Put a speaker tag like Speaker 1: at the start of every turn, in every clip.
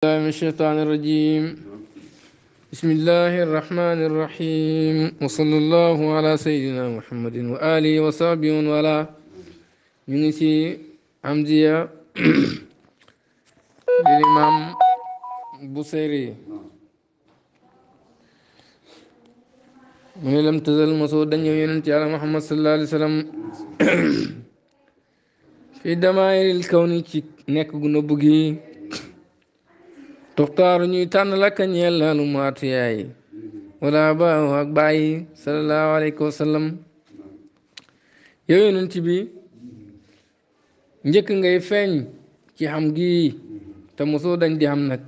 Speaker 1: الله من الشيطان الرجيم بسم الله الرحمن الرحيم وصلى الله على سيدنا محمد وآله وصحبه ولا ينسي عمزية للإمام بصيري من لم تزل مسودا ينتهي على محمد صلى الله عليه وسلم في دمائر الكون نكو نبغي tuxtaaru ñuy tànn lakka ñeel laanu maatu yaay wala baaw ak bàyyi sallallahu alayhi wa sallam yow yonent bi njëkk ngay feeñ ci xam gi te mosoo dañ di xam nag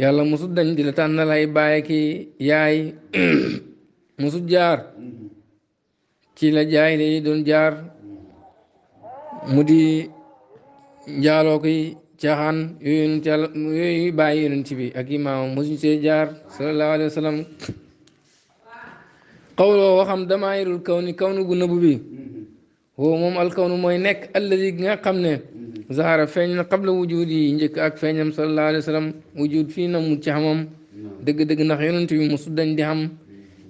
Speaker 1: yàlla mosut dañ di la tànnal ay bàyyi ki yaay mosut jaar ci la jaay lay doon jaar mu di njaaloo ki caaxaan yooyu yooyu bàyyi yonent bi ak imaamam mosuñ see jaar sallallahu alayhi wa sallam xawloo waxam damaayirul kaw ni kaw nu gu nëbb bi woo moom alkawnu mooy nekk alladi gi nga xam ne zahara feeñ na qabla wujud yi njëkk ak feeñam sallallahu alayhi wa sallam wujud fii na mu dëgg-dëgg ndax yonent bi mosu dañ di xam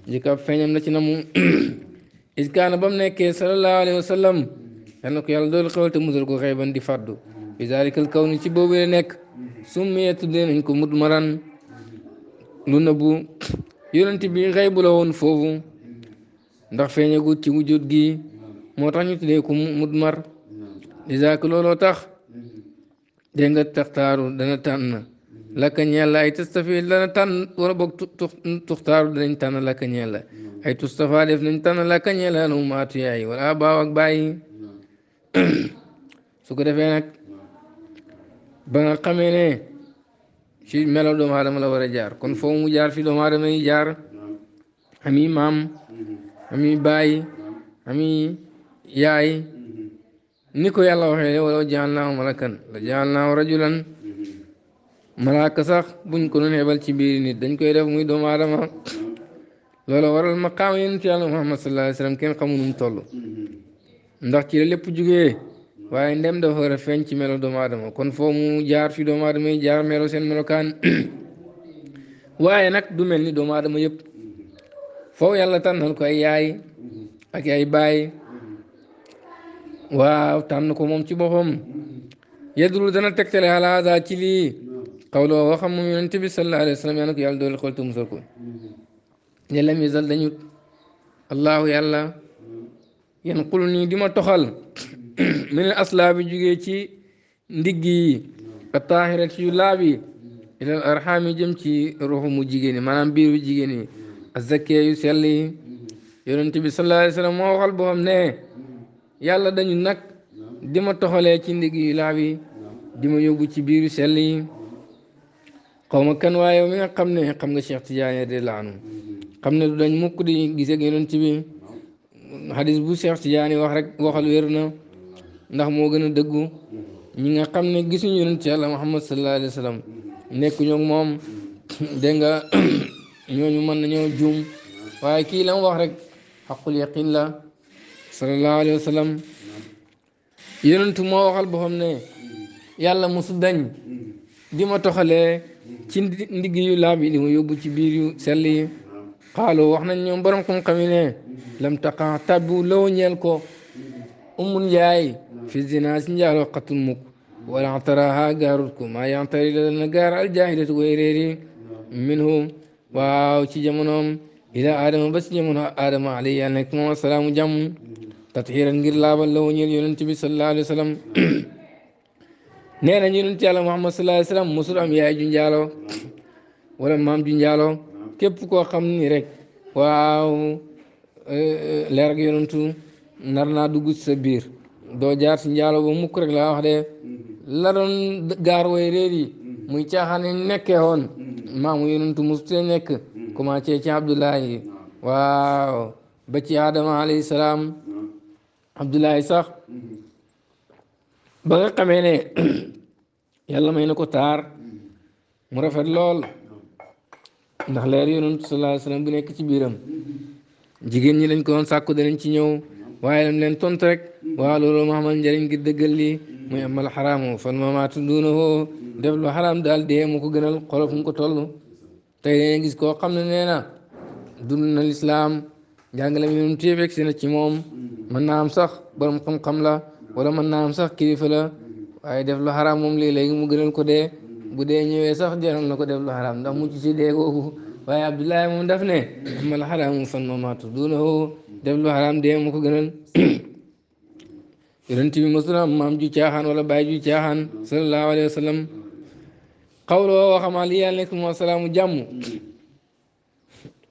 Speaker 1: njëkk ak feeñam la ci na iskaana ba mu nekkee sallallahu alayhi wa sallam yal ko yàlla doolu xewal te musal ko xëy di fàddu bi zalikal kaw ni ci boobu la nekk summiyee tuddee nañ ko mudmaran lu nëbbu yonent bi xëy bu la woon foofu ndax feeñagut ci wujud gi moo tax ñu tuddee ko mudmar di zaak looloo tax dégg nga taxtaaru dana tànn lakka ñeel la ay tustafi dana tànn wala boog tuxtaaru danañ tànn lakka ñeel la ay tustafa def nañ tànn lakka ñeel la nu yaay wala baaw ak bàyyi su defee nag ba nga xamee ne ci melo doomu aadama la war a jaar kon foo mu jaar fi doomu aadama yi jaar ami maam ami baay ami yaay ni ko yàlla waxee wala jaal naaw malakan la jaal naaw rajulan malaaka sax buñ ko doon ci biir nit dañ koy def muy doomu aadama loolu waral maqaama yen yàlla Muhammad sallallahu alayhi wa sallam kenn xamu ndax ci la jugee waaye ndem dafa war a ci melo doomu adama kon foo mu jaar fi doomu aadama yi jaar melo seen melokaan waaye nag du mel ni doomu aadama yëpp foofu yàlla tànnal ko ay yaay ak ay baay waaw tànn ko moom ci boppam yadul dana tegtale alaada ci lii xawloo waxam moom yonent bi sallallahu alayhi wa sallam yaa ko yàlla doole xoltu musal ko ne lam yasal dañu allahu yàlla yan xul nii di toxal min al aslaabi jugee ci ndigg yi a taahirat yu laab yi ilal arxaam yi jëm ci ruxumu jigéen yi maanaam biiru jigéen yi azakiya yu sell yi yonent bi sallallahu moo waxal boo xam ne yàlla dañu nag di ma toxalee ci ndigg yu laab yi di ma yóbbu ci biiru sell yi xaw ma kan waaye mi nga xam ne xam nga Cheikh Tidiane de laanu xam ne du dañ mukk di gisee bu Cheikh Tidiane wax rek waxal wér ndax moo gën a dëggu mm-hmm. ñi nga xam ne gisuñu yonent ci yàlla muhammad sallallahu alayhi wa sallam mm-hmm. nekk ñoo moom mm-hmm. dégg nga ñooñu mën nañoo juum waaye kii la wax rek xaqul yaqin la sallallahu alayhi wa sallam yonentu moo waxal boppam ne yàlla mosu dañ dima ma toxalee ci ndigg yu laab yóbbu ci biir yu sell yi xaaloo wax nañ ñoom borom xam-xam yi lam taqa tabbu loo ñeel ko ummun yaay fi zina si njaaloo xatul mukk wala antaraha gaarut ko maa yantari la na gaar aljaahilatu way réeri minhu waaw ci jamonoom ila adama ba si jamono adama alayhi yàlla nekk moom asalaamu jàmm tatxiran ngir la woñeel yonent bi sallallahu alayhi wa am yaay ju njaaloo wala maam ju njaaloo képp koo xam ni rek waaw leer ak yonentu nar naa dugg biir doo jaar si njaalo ba mukk rek laa wax de mhm. la doon gaar way réer yi mhm. muy caaxaan yi nekkee woon mhm. maamu yonentu mustee nekk commencé ci abdullahi ah. waaw ba ci adama alayhi salaam ah. abdullahi sax ba nga xamee ne yàlla may na ko taar mu rafet lool ah. ndax leer yonentu sallallahu alayhi wasallam bu nekk ci biiram jigéen ñi lañ ko doon sàkku danañ ci ñëw waaye lam leen tont rek waa loolu ma xamal njëriñ gi dëggal lii muy amal xaraamu fan ma maatu duuna hoo def lu xaraam daal dee mu ko gënal xolof mu ko toll tey dana gis koo xam ne nee na dund na lislaam jàngale mi si na ci moom mën naa am sax borom xam la wala mën naam sax kilifa la waaye def lu xaraam moom léeg-léegi mu gënal ko dee bu dee ñëwee sax jaral na ko def lu xaraam ndax mu ci si dee googu waaye Abdullahi moom daf ne amal xaraamu fan ma lu xaraam dee mu ko gënal yonent bi mosul am maam ju caaxaan wala baay ju caaxaan sallallahu alayhi wa sallam xawloo waxamaa li yàlla nekk moo salaamu jàmm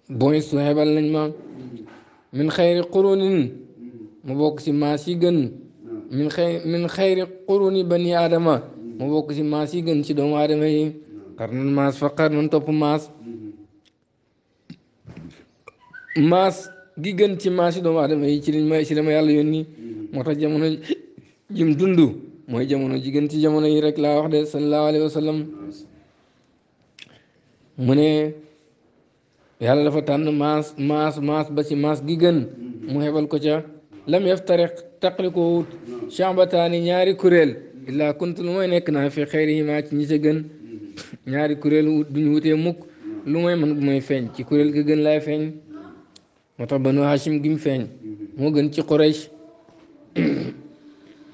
Speaker 1: booy su ma min xayri qurunin mu bokk ci maas yi gën min xay min xayri quruni bani aadama mu bokk ci maas yi gën ci doomu aadama yi maas fa xarnan topp maas mas gi gën ci maas yi doomu aadama yi ci liñ may ci dama yàlla yónni mm-hmm. moo tax jamono jim dund mooy jamono ji ci jamono yi rek laa wax de sallallahu alayhi wa sallam mu ne yàlla dafa tànn maas maas maas ba ci maas gi gën mm-hmm. mu xebal ko ca lam yaftariq taqlikowut chambataani mm-hmm. ñaari kuréel illaa kunt lu mooy nekk naa fi xeyrihima ci ñi ca gën ñaari kuréel duñu wutee mukk lu mooy man bu feeñ ci kuréel gi gën laay feeñ moo tax banu hashim gi mu feeñ moo gën ci Quraysh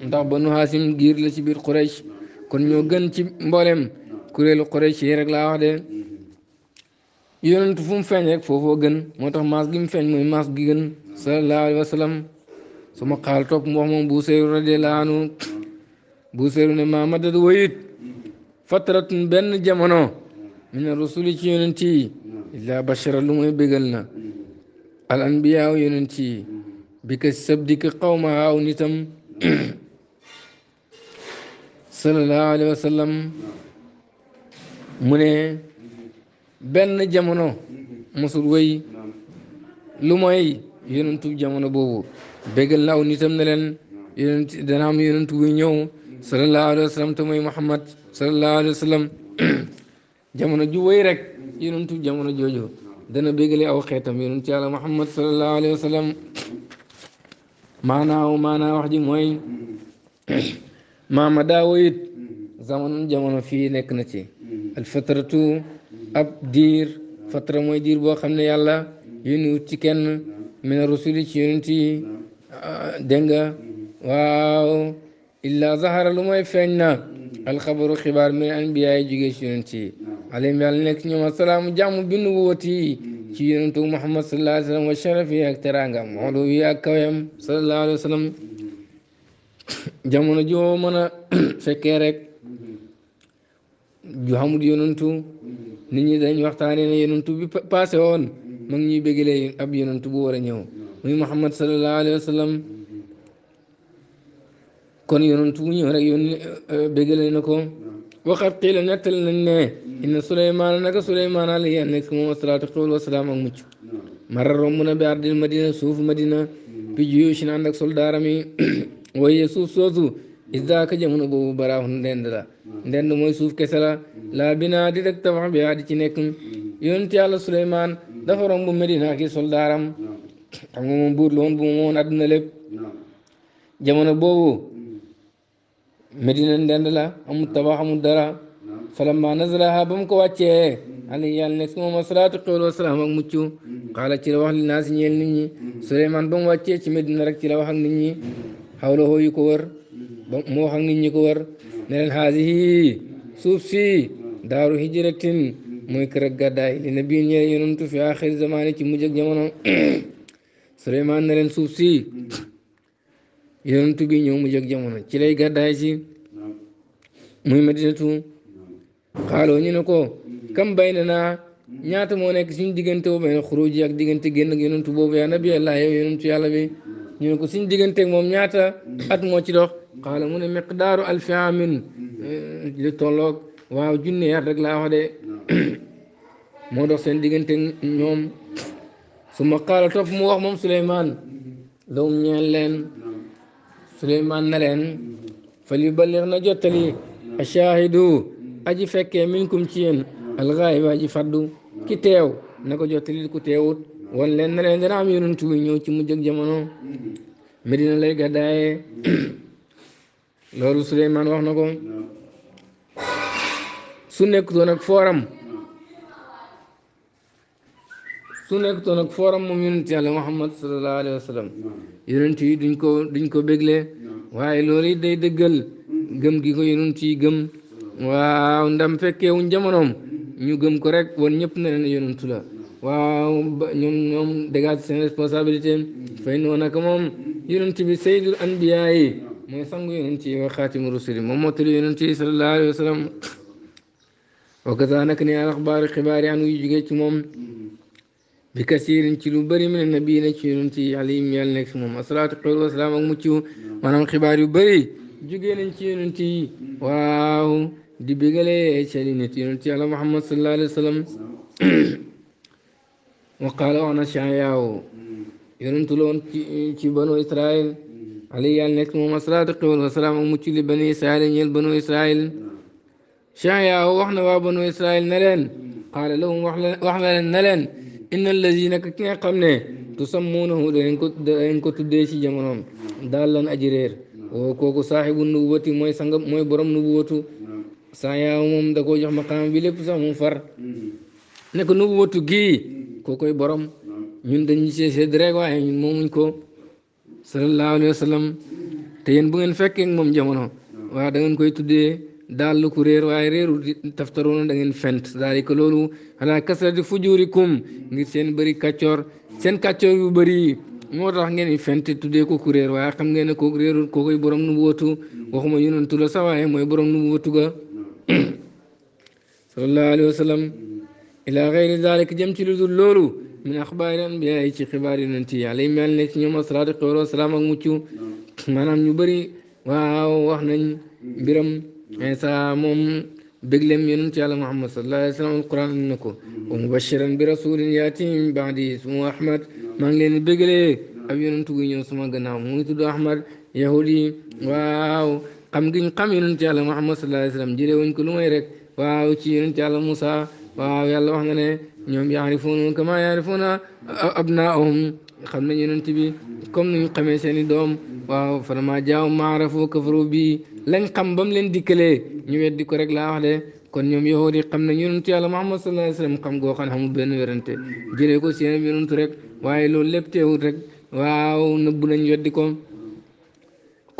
Speaker 1: ndax banu hashim giir la ci biir Quraysh kon ñoo gën ci mboolem kuréelu Quraysh yi rek laa wax de yonent fu mu feeñ rek foofoo gën moo tax maas gi mu feeñ mooy maas gi gën sallallahu ma xaal topp mu wax moom bu seeru radiyallahu anhu bu ne maa madad wayit fatratun benn jamono min a rasuli ci yonent yi illa bashara lu mooy na الانبياء يونتي بك السبدك قومها او نتم صلى الله عليه وسلم مني بن جامونو مسول وي لوموي يونتو جامونو بوبو بغل لاو نتم نلن يننتي دنام يننتو وي نيو صلى الله عليه وسلم تمي محمد صلى الله عليه وسلم جامونو جو وي رك يننتو جمنو جوجو دنا بيغلي او خيتا مينون تيالا محمد صلى الله عليه وسلم أنا او أنا واحد موي ما مداويت زمن جمن في نيك نتي الفترة اب دير فترة موي دير بو خامني يالا يونيو تي كين من الرسول تي يونتي دنگا واو الا ظهر لماي فين الخبر خبار من الانبياء جيجي يونتي alayhim yàlla nekk ci ñoom asalaam jàmm bi nu wóoti ci yonentu Muhammad sallallahu wa sallam wa sharaf yi ak teraangam xoolu yi ak kawem sallallahu alayhi wa sallam jamono joo mën a rek ju xamul yonentu nit ñi dañ waxtaanee ne yonentu bi passé woon ma ngi ñuy bégalee ab yonentu bu war a ñëw muy Muhammad sallallahu wa sallam kon yonentu bu ñëw rek yón bégale na ko waxat xiila nettal nañ ne inna suleymaana naka suleymaana la yéen nekk moom asalaatu xéwal wasalaam ak mucc mara romb na bi ardil madina suuf madina bi juyushin ànd ak soldaaram yi waaye suuf soosu isdaaka jamono boobu baraaxun ndend la ndend mooy suuf kese la laa binaa di rek tabax bi di ci nekk yonent yàlla suleymaan dafa romb madina ak i soldaaram xam nga moom buur la woon bu mu woon àdduna lépp jamono boobu madina ndend la amul tabax amul dara falamma nazalaha ba mu ko wàccee ali yàlla nekk si moom asalaatu mucc xaala ci la ci Medina rek ci la wax ak nit ñi ko wër ba mu wax ñi ko war ne leen xaasihi si daaru hijratin mooy kër ak gàddaay li na biin ñeel fi axiri zamaani ci mujj ak jamono Souleymane ne leen suuf si yonantu bi ñëw jamono ci lay gàddaay si muy Medinatu xaaloo ñu ne ko kam bay na naa ñaata moo nekk suñu diggante boobu benn xuruj yi ak diggante génn ak tu boobu yaa nabi allah yow yonentu yàlla bi ne ko suñu digganteeg moom ñaata at moo ci dox xaala mu ne miqdaaru alfi amin eh, li tolloog waaw junne yar rek laa wax de moo dox seen diggante ñoom suma ma xaala topp mu wax moom Suleymaan lawum ñeen leen Suleymaan na leen fal yuballir na jottali ashaahidu aji fekkee minkum ci yéen alxaayib aji faddu ki teew na ko jottali ku teewut wan leen na leen dana am yonent wu ñëw ci mujj ak jamono medina lay gàddaaye loolu Suleymaan wax na ko su nekkutoon nag fooram su nekkutoon ak fooram moom yonent yàlla Muhammad sallallahu alayhi wa yi duñ duñ ko bégle waaye loolu it day dëggal gëm gi ko yonent yi gëm waaw ndam fekkee wuñ jamonoom ñu gëm ko rek woon ñëpp ne leen yonantu la waaw ñoom ñoom dégage seen responsabilité fay noo naka moom yonent bi sayyidul anbiyaa yi mooy sangu yonent yi wa xaatimu rusul yi moom mottali yonent yi sallallahu alayhi wa sallam wa kaza nak ni al axbaar xibaar yi an yu ci moom bi kasiirin ci lu bëri min nabi na ci yonent yi alayhim yàlla nekk si moom asalaatu xeer wasalaam ak mucc maanaam xibaar yu bëri jógee nañ ci yonent yi waaw di bégalee seeni nit yonent yàlla muhammad sallallahu alayhi wa sallam waqaala wax na Shayaaw yonentu la woon ci ci banu Israaïl ali yàlla nekk moom asalaatu xéwal wa salaam ak mucc li bani Israaïl ñeel banu Israaïl Shayaaw wax na waa banu Israaïl ne leen qaala lahum wax na leen ne leen inna allazi nag ki nga xam ne tusammuunahu danañ ko danañ ko tuddee ci jamonoom daal lan aji réer kooku saaxibu nubuwati mooy sangam mooy borom nubuwatu saa yaaw moom da koo jox maqaam bi lépp sax mu far nekk nu wëtu gii koo koy borom ñun dañu see seed rek waaye ñun moomuñ ko sallallahu alayhi wa te yéen bu ngeen fekkee moom jamono waaw da ngeen koy tuddee daal lu ko réer waaye réeru taftaroona da ngeen fent c'est-à-dire que loolu ala kasrati fujurikum ngir seen bëri kàccoor seen kàccoor yu bari moo tax ngeen fent tuddee ko ku réer waaye xam ngeen ne kooku réerul koo koy borom nu mu wëtu waxuma yonantu la mooy borom nu mu ga sallallahu alayhi wa sallam ila gayri dalik jëm ci lu dul loolu min axbaari anbiya yi ci xibaar yonent yi yàlla yi mel ne ci ñoom asalaatu xéwaloo salaam ak mucc maanaam ñu bëri waaw wax nañ mbiram Isa moom béglem yonent yàlla Muhammad sallallahu alayhi wa sallam alquran na ko wa mubashiran bi rasulin yaati min baadi ismu ahmad maa ngi leen di béglee ab yonent gu ñëw sama gannaaw mu ngi tudd ahmad yahudi waaw xam giñ xam ci yàlla Muhammad sallallahu alayhi wa sallam jëlee wuñ ko lu may rek waaw ci ci yàlla Moussa waaw yàlla wax nga ne ñoom yaarifuna kama yaarifuna abnaahum xam nañ yonent bi comme ni ñu xamee seen i doom waaw vraiment jaaw maarafu kafaru bi lañ xam ba mu leen dikkalee ñu weddi ko rek laa wax de kon ñoom yahud yi xam nañ ci yàlla Muhammad sallallahu alayhi wa sallam xam goo xam ne amul benn werante jëlee ko seen yonent rek waaye loolu lépp teewul rek waaw nëbbu nañ weddi ko.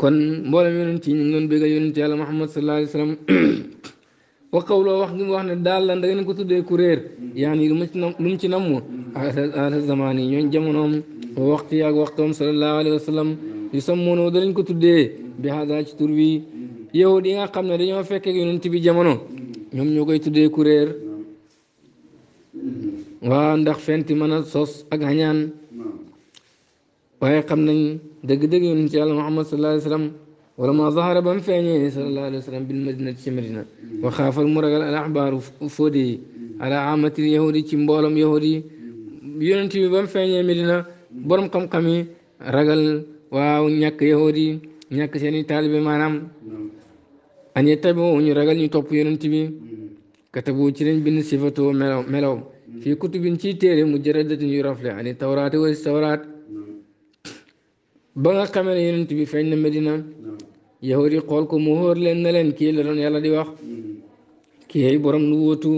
Speaker 1: kon mboolem yonent yi ñu ngi doon béggal yonent yàlla Muhammad sallallahu alayhi wa sallam wa qawloo wax gi mu wax ne daal la dangeen ko tuddee ku réer yaani lu mu ci nam lu mu ci namm ala zamaan yi ñooñ jamonoom waxtu yaag waxtoom sallallahu alayhi wa sallam yu sammoonoo ko tuddee bi hada ci tur wi yow di nga xam ne dañoo fekkee yonent bi jamono ñoom ñoo koy tuddee ku waa ndax fenti mën a sos ak xañaan waaye xam nañ dëgg-dëgg yonent ci yàlla muhammad sallallahu alayhi wa sallam wala ma zahara ba mu feeñee sallallahu alayhi wa sallam bil madina ci madina wa xaafal mu ragal al axbaaru fóode yi ala amatil yahudi ci mboolam yahudi yonent bi ba mu feeñee madina borom xam-xam yi ragal waaw ñàkk yahudi ñàkk seeni taalibe maanaam añe taboo ñu ragal ñu topp yonent bi katabu ci lañ bind sifatoo melaw melaw fii kutubin ci téere mu jëradatin yu rafle ani tawraat wala tawraat ba nga xamee ne yonent bi feeñ na Medina yahudi xool ko mu leen ne leen kii la doon yàlla di wax kii ay borom nu wóotu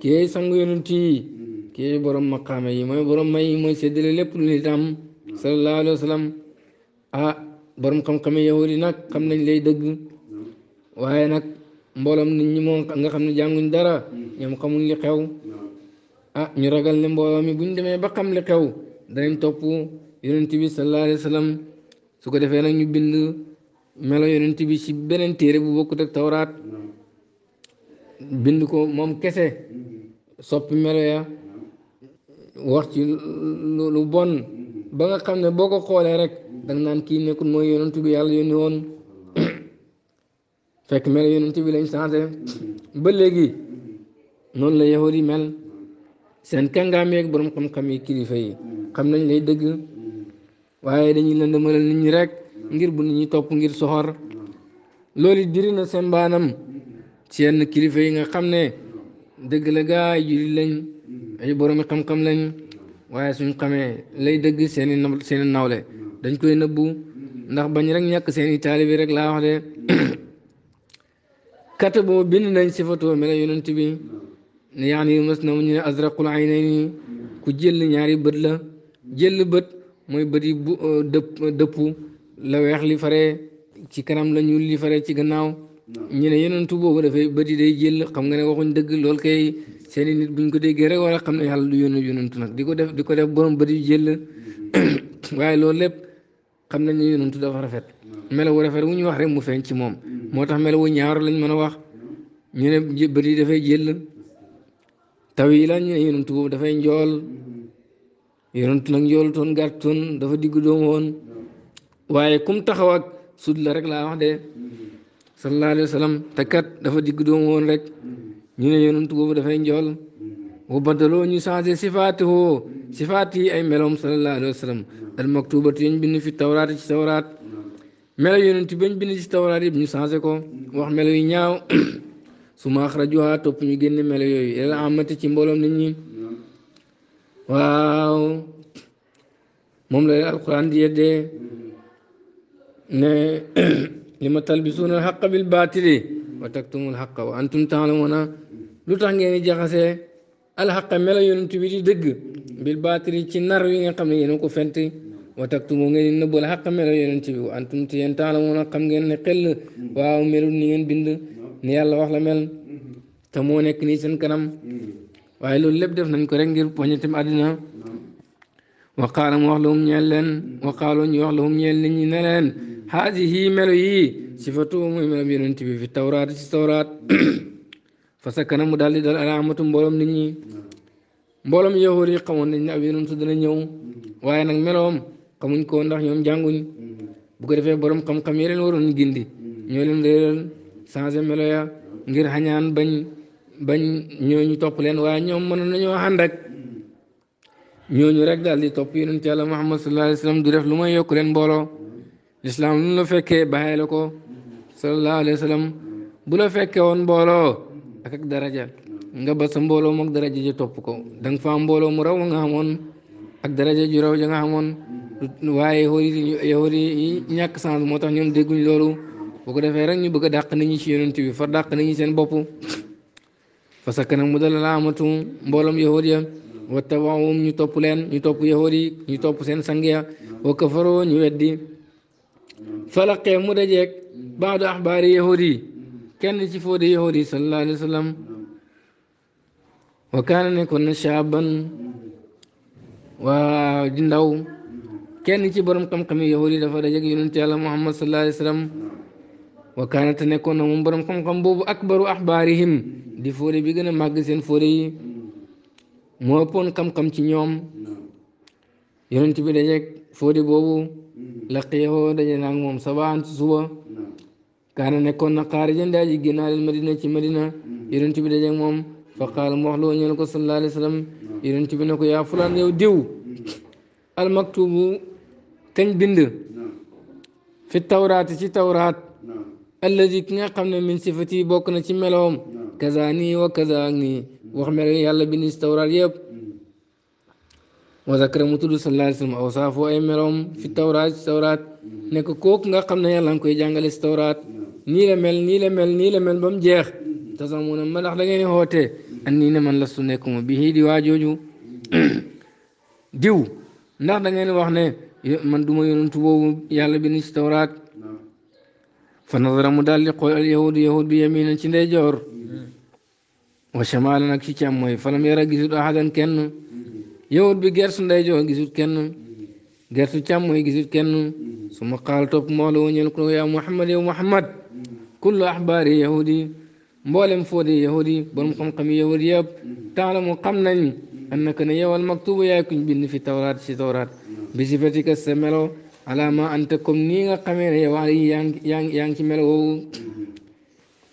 Speaker 1: kii ay sang yonent yi kii ay borom maqaame yi mooy borom may yi mooy séddale lépp lu nit am sallallahu alayhi wa sallam ah borom xam-xame yahudi nag xam nañ lay dëgg waaye nag mboolom nit ñi moo nga xam ne jànguñ dara ñoom xamuñ li xew ah ñu ragal ne mbooloo mi buñ demee ba xam li xew danañ topp. yonent bi sallallahu alayhi wa su ko defee nag ñu bind melo yoonu bi ci beneen téere bu bokkut ak tawraat bind ko moom kese soppi melo ya wax ci lu bon ba nga xam ne boo ko xoolee rek danga naan kii nekkul mooy yonent bi yàlla yónni woon fekk mel yonent bi lañ changé ba léegi noonu la yahudi mel seen kàngaam yeeg borom xam-xam yi kilifa yi xam nañ lay dëgg waaye dañuy lëndëmalal nit ñi rek ngir bu nit topp ngir soxor loolu diri na seen baanam ci yenn kilifa yi nga xam ne dëgg la gaa yi jullit lañ ay boroomi xam-xam lañ waaye suñ xamee lay dëgg seeni seeni nawle dañ koy nëbbu ndax bañ rek ñàkk seeni taalibi rek laa wax de kat boobu bind nañ sifatoo mela yonent bi ne yaani mas na mu ñu ne azraqul aynayni ku jël ñaari bët la jël bët mooy bët yi bu euh, dëpp dëppu la weex li fare ci kanam la ñuul li fare ci gannaaw ñu ne yenentu boobu dafay bët yi day jël xam nga ne waxuñ dëgg lool kay seeni nit buñ ko déggee rek war xam ne yàlla du yónni yonentu nag di ko def di ko def borom bët yi jël mm-hmm. waaye loolu lépp xam nañ ne yonentu dafa rafet melawu rafet wu ñu wax rek mu feeñ ci moom mm-hmm. moo tax melawu ñaar lañ mën a wax ñu ne bët yi dafay jël taw yi la ñu boobu dafay njool yonent nag njoolutoon gàttoon dafa digg doomu woon waaye kum taxaw ak sud la rek laa wax de sallallahu alayhi wa sallam te kat dafa diggu doomu woon rek ñu ne yonent boobu dafay njool wa badaloo ñu changé sifaati woo yi ay meloom sallallahu alayhi wa sallam al maktubat yañ fi tawraat ci tawraat melo yonent bañ bind ci tawraat yëpp ñu changé ko wax melo yu ñaaw su ma axrajuha topp ñu gën melo yooyu ila amati ci mbooloom nit ñi waaw moom la alquran di yeddee ne li ma talbisuuna alxaqa bil baatili wa taktumu alxaqa wa antum taalamuuna lu tax ngeen di jaxasee alxaqa melo yonent bi di dëgg bil baatili ci nar yi nga xam ne yéen ko fent wa taktumu ngeen di nëbb alxaqa melo yonent bi wa antum ti yéen taalamuuna xam ngeen ne xel waaw melul ni ngeen bind ni yàlla wax la mel te moo nekk nii seen kanam waaye loolu lépp def nañ ko rek ngir poñetam àddina waqaala mu wax la hum ñeel leen ñu wax la hum ñeel nit ñi ne leen haadihi melo yii sifatu mooy melam yonent bi fi tawraat ci tawraat fa sakkana mu daal di dal alaamatu mbooloom nit ñi mbooloom yahuud yi xamoon nañ ne ab yonent su dana ñëw waaye nag meloom xamuñ ko ndax ñoom jànguñ bu ko defee borom xam-xam yi leen waroon gindi ñoo leen réeral changé melo ya ngir xañaan bañ bañ ñooñu topp leen waaye ñoom mënoon nañoo ànd ak ñooñu rek daal di topp yonent yàlla Muhammad sallallahu alayhi wa sallam du def lu may yokk leen mbooloo lislaam lu la fekkee bàyyi la ko sallallahu alayhi wa bu la fekkee woon mbooloo ak ak daraja nga ba sa mbooloo mook daraja ji topp ko da nga mbooloo mu raw nga xamoon ak daraja ju raw ja nga xamoon waaye yahuud yi ñàkk sens moo tax ñoom dégguñ loolu bu ko defee rek ñu bëgg a dàq nit ñi ci yonent bi far dàq nit ñi seen bopp fasa kanam mu dal la amatu mbooloom yahood ya wa tabaawum ñu topp leen ñu topp yahood ñu topp seen sang wa kafaroo ñu weddi falaqee mu dajeeg baadu axbaari yahood yi kenn ci foode yahood yi sallallahu wa sallam wa nekkoon na shaaban waa di ndaw kenn ci borom xam-xam yi yahood yi dafa dajeeg muhammad sallallahu alayhi wa kaana te nekkoon na moom borom xam-xam boobu akbaru axbaarihim di fóore bi gën a màgg seen fóore moo poon xam ci ñoom yonent bi dajeeg fóore boobu laqiyoo daje naa moom sabaan ci suba kaana nekkoon na xaarijan daa ji génnaaleel madina ci madina yonent bi moom fa qaala mu ko sallallahu alayhi wa sallam yonent bi ne ko yaa fulaan yow diw almaktubu kañ bind fi tawraat ci tawraat alladi ki nga xam ne min sifati bokk na ci meloom kaza nii wa kaza ak nii wax mel yàlla bind si tawraat yëpp wa zakara mu tudd sallallahu alayhi wa sallam awsaafu ay meloom fi tawraat ci tawraat nekk kooku nga xam ne yàlla nga koy jàngale si tawraat nii la mel nii la mel nii la mel ba mu jeex tasamuna ma da ngeen xootee an ne man lastu nekk mu bii di waa diw ndax da ngeen wax ne man du ma yonantu yàlla bind si tawraat فنظر مدلق اليهود يهود بيمين تشندي جور وشمالنا كي تشاموي فلم يرى غيسود احدا كن يهود بي غير سندي جور غيسود كن غير تشاموي غيسود كن ثم قال توب مولو نيل يا محمد يا محمد كل احبار يهودي مولم فودي يهودي بوم خم خم يهودي ياب تعلم قم انك نيو المكتوب يا كن بن في التوراة في التوراة بصفتك السملو alaama anta comme nii nga xamee ne yow ali yaa ngi ci melo woowu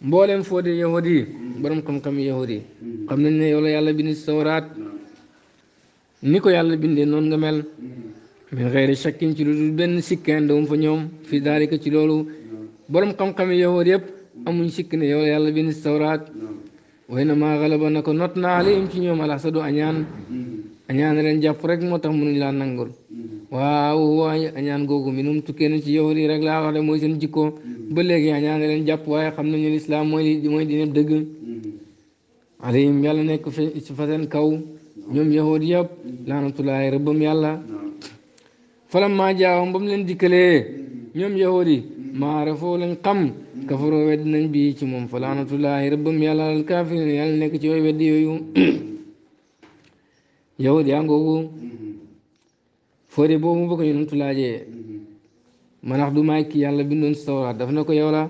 Speaker 1: mboolem foo di yahud yi borom xam-xam yahud yi xam nañ ne yow yàlla bind sawraat ni ko yàlla bindee noon nga mel min xëyri shakkin ci lu dul benn sikkan dawum fa ñoom fii daalika ci loolu borom xam-xam yahud yëpp amuñ sikk ne yow yàlla bind sawraat way na maa xalaba na ko not na alayhim ci ñoom alax sa du añaan añaan ren jàpp rek moo tax mënuñ laa nangul waaw waaye añaan googu minum tukkee na ci yow lii rek laa wax mooy seen jikkoo ba léegi añaan nga leen jàpp waaye xam nañu lislaam mooy li mooy dëgg alayhim yàlla nekk ci fa seen kaw ñoom yahud yëpp laanatulaay rëbbam yàlla falam maa jaawam ba leen dikkalee ñoom yahud yi maa rafoo lañ xam kafaroo wedd nañ bii ci moom fa laanatulaay rëbbam yàlla al kaafirin yàlla nekk ci yooyu wedd yooyu yahud yaa ngoogu foode boobu mu bëgg yonentu laajee ma ndax du may ki yàlla bindoon si tawraat daf na ko yow la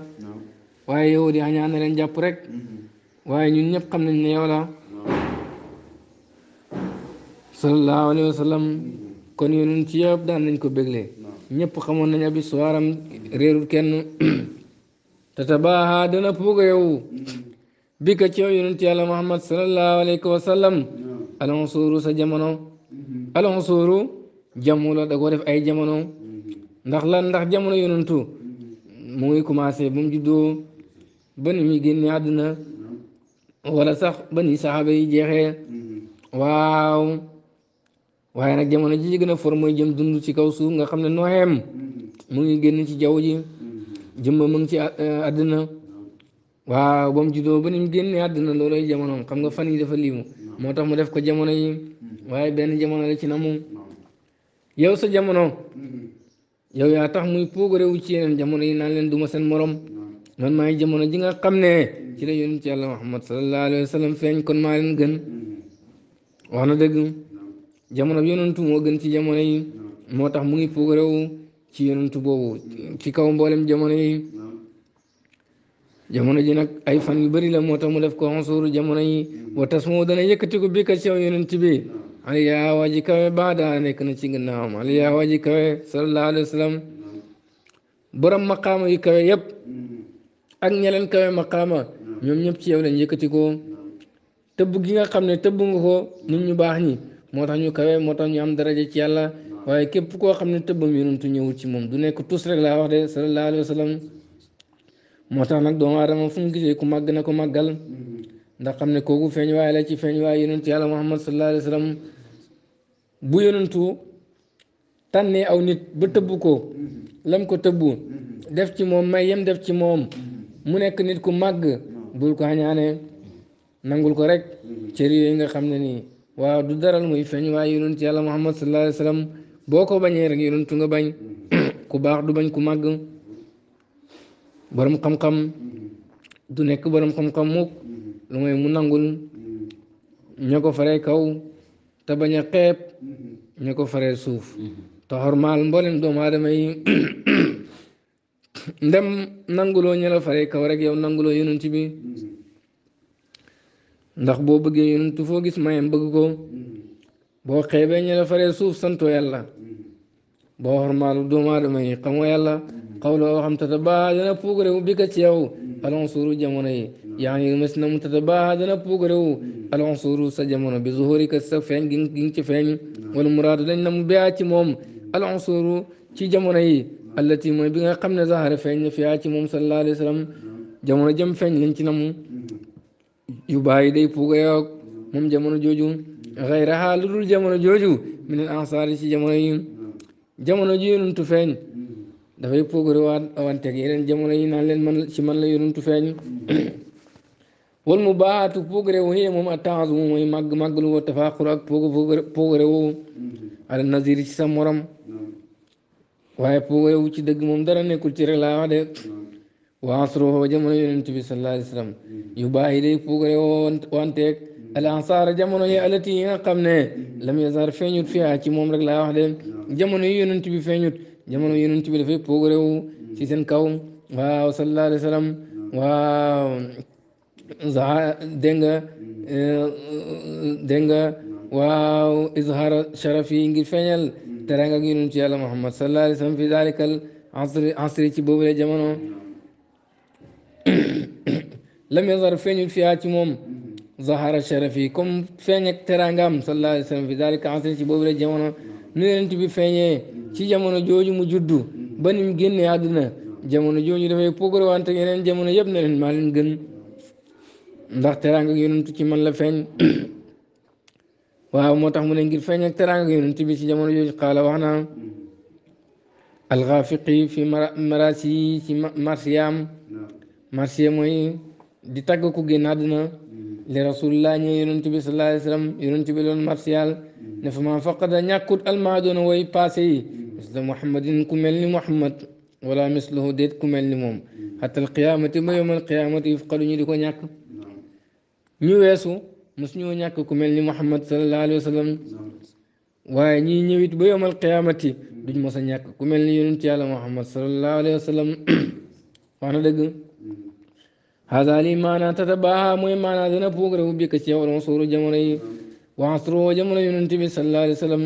Speaker 1: waaye yow di añaan na leen jàpp rek waaye ñun ñëpp xam nañ ne yow la sallallahu alayhi wa sallam kon yonent ci yëpp daan nañ ko béglee ñëpp xamoon nañ abi suwaaram réerul kenn te tabaaha dana puuga yow bi ka ci yow yonent yàlla muhammad jamu la da koo def ay jamono mm-hmm. ndax lan ndax jamono yonantu mu mm-hmm. ngi commencé ba mu juddoo ba ni muy génne àdduna mm-hmm. wala sax ba ni saxaaba yi jeexee waaw waaye nag jamono ji ci gën a for mooy jëm dund ci kaw suuf nga xam ne nooyeem mu ngi génn ci jaww ji jëmba ma ngi ci euh, àdduna waaw ba mu juddoo ba ni mu génne àdduna loolooy jamonoom xam nga fan yi dafa liimu moo tax mu def ko jamono yi waaye benn jamono la ci namu yow sa jamono mm-hmm. yow yaa tax muy poogare wu ci yeneen jamono yi naan leen duma seen morom mm-hmm. man maay jamono ji nga xam ne mm-hmm. ci la yonent yàlla Muhammad sallallahu alayhi wa sallam kon maa leen gën wax na dëgg jamono bi yonentu gën ci jamono yi moo tax mu ngi poogare wu ci yonentu boobu ci kaw mboolem jamono yi jamono ji nag ay fan yu bari la moo tax mu def ko xonsuuru jamono yi wa tas moo dana yëkkati ko bi ka ci yow yonent bi aliyaa waji kawe ba nekk na ci ginnaawam aliyaa waji kawe sallallahu alayhi wa sallam borom maqaama yu kawe yëpp ak ñeleen kawe maqaama ñoom ñëpp ci yow lañ yëkkati ko tëbb gi nga xam ne tëbb nga ko nit ñu baax ñi moo tax ñu kawe moo tax ñu am daraja ci yàlla waaye képp koo xam ne tëbbam yonentu ñëwul ci moom du nekk tus rek laa wax de sallallahu alayhi moo tax nag doomu aadama fu mu gisee ku màgg na ko màggal ndax xam ne kooku feeñ waaye la ci feeñ waaye bu yonantu tànnee aw nit ba tëbb ko lam ko tëbbu def ci moom may yem def ci moom mu nekk nit ku màgg bul ko nangul ko rek cër yooyu nga xam ne nii waaw du daral muy feeñ waaye yonent yàlla muhammad sallallahu alayhi wa sallam boo ko bañee rek yonentu nga bañ ku baax du bañ ku màgg borom xam-xam du nekk borom xam-xam mukk lu mooy mu nangul ña ko faree kaw te bañ a xeeb Mm-hmm. ni ko faree suuf te xormaal mboolem doomu aadama yi ndem nanguloo ña la faree kaw rek yow nanguloo yonent bi mm-hmm. ndax boo bëggee yonent foo gis mayam bëgg ko mm-hmm. boo xeebee ña la faree suuf santoo yàlla boo xormaalu doomu aadama yi xamoo yàlla xaw loo xam te te ba dana puugare wu bi ka ci yow alon suuru jamono yi يعني مثل متتبع هذا نبوغرو العنصر سجمون بظهور كسف فين جنك فين نعم. والمراد لنا مبيعات موم العنصر تي اي التي ما بيغا قمنا ظهر فين فيات موم صلى الله عليه وسلم نعم. جمون جم فين لنك نمو يباي دي فوغيوك موم جمون جوجو غير حال رول جمون جوجو من الأنصار تي جموني جمون جيون تفين dafay pogore waat awanteeg yeneen jamono yi naan leen man ci man la yonuntu feeñ والمباهات فوقره وهي ممتاز وهي مق مقل وتفاخر فوق فوقره فوق على النذير سمرم نعم. وهي فوقره وش دق ممدرن كل شيء لا هذا نعم. وعصره وجمع النبي صلى الله عليه وسلم يباهي لي فوقره وانتك الأنصار جمعنا هي التي قمنا لم يزار فينيوت فيها كي ممرك لا هذا نعم. جمعنا هي النبي فينيوت جمعنا هي النبي فوقره سيسن كوم واو الله عليه وسلم za dégg nga dégg nga waaw izhar sharaf yi ngir feeñal teranga gi nun ci yàlla muhammad sallallahu alayhi wa sallam fi dalikal asri asri ci boobule jamono lam yazhar feeñul fiyaa ci moom zahara sharaf yi comme feeñ ak terangam sallallahu alayhi wa sallam fi dalika asri ci boobule jamono nu yonent bi feeñee ci jamono jooju mu juddu ba nim génnee àdduna jamono jooju dafay pogore wante yeneen jamono yëpp ne leen maa ndax teranga yonent ci man la feeñ waaw motax tax mu ne ngir feeñ ak teranga yonent bi ci jamono yoy xala waxna al ghafiqi fi marasi ci marsiyam marsiyam moy di tag ko génn dina li rasulullah ñe yonent bi sallallahu alayhi wasallam yonent bi lon marsiyal ne fa ma faqada al madun way passé yi muhammadin ku melni muhammad wala misluhu det ku melni mom hatta al qiyamati ma yawm al qiyamati yafqalu ñi diko ñak ñu weesu mosu ñoo ñàkk ku mel ni muhammad sallallahu alayhi wa waaye ñii ñëwit ba yowmal qiyaamati duñ mos a ñàkk mel ni yonent yàlla muhammad sallallahu alayhi wa sallam wax na dëgg haza li maana tatabaha maana dana puugara bu bikk ci yow suuru jamono yi waasro jamono yonent bi sallallahu alayhi wa sallam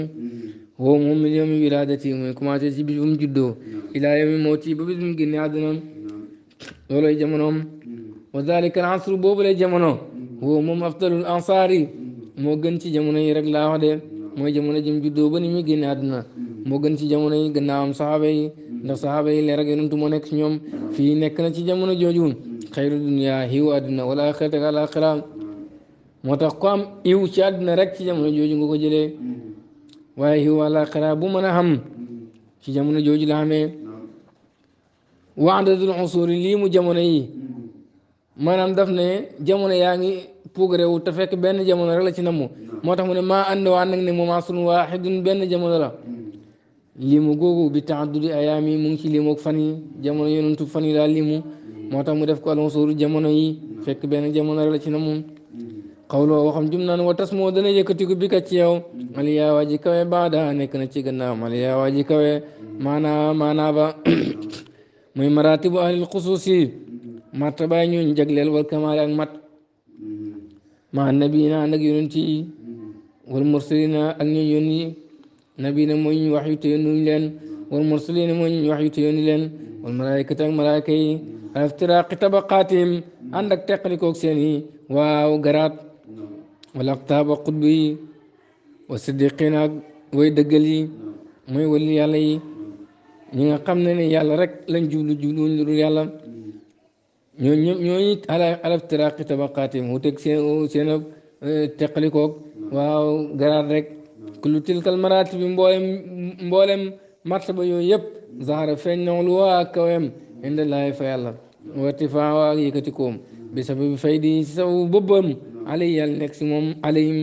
Speaker 1: woo moom mi yowmi ci bis bu ilaa yowmi mawti ba bis bu mu génne àdduna wa dalika al asru huwa moom afdalul ansaar yi moo gën ci jamono yi rek laa moo de mooy jamono jëm juddoo ba ni muy génne àdduna moo gën ci jamono yi gannaawam saxaaba yi ndax saxaaba yi leer ak moo nekk ci ñoom fii nekk na ci jamono jooju xayru dunya xiiw àdduna wala axirata ak alaxira moo tax ku am iw ci àdduna rek ci jamono jooju nga ko jëlee waaye xiiw alaxira bu mën a xam ci jamono jooju la xamee waadadul usuri lii mu jamono yi maanaam daf ne jamono yaa ngi puugare wu te fekk benn jamono rek la ci namu moo tax mu ne maa ànd waa nag ne moment sunu benn jamono la limu googu bi taaddudi ayaam yi mu ngi ci limoog fan yi jamono yonentu fan yi daal limu moo tax mu def ko alonsuuru jamono yi fekk benn jamono rek la ci namu xawloo waxam jum naan wa tas moo dana yëkkatiku bi ka ci yow aliyaa waa ji kawe baada nekk na ci gannaawam ma waa ji kawe maanaa maanaa ba muy maratibu ahlil xusuus martabaay ñooñu jagleel wal kamaal ak mat ma nabi na ànd ak yonent yi wal mursalina ak ñooñu yónni nabi na mooy ñu wax yu te yónni leen wal mursalina mooy ñu wax yu te yónni leen wal malaayikata ak malaayika yi ala iftiraaqi tabaqaatihim ànd ak teqalikoog seen yi waaw garaat wal aqtaaba qutb yi wa siddiqina ak way dëggal yi mooy wali yàlla yi ñi nga xam ne ne yàlla rek lañ jublu jubluñ lu dul yàlla ñooñu ñooñu ala ala tiraaqi tabaqaatim wuuteeg seen seen teqalikoog waaw garaat rek kullu tilkal maraati bi mboolem mboolem martaba yooyu yëpp zahara feeñ na lu waa kawem inda laay fa yàlla wati faa waa yëkkati koom bi sababi fay di si sababu bëbbam ali yàlla nekk si moom alayhim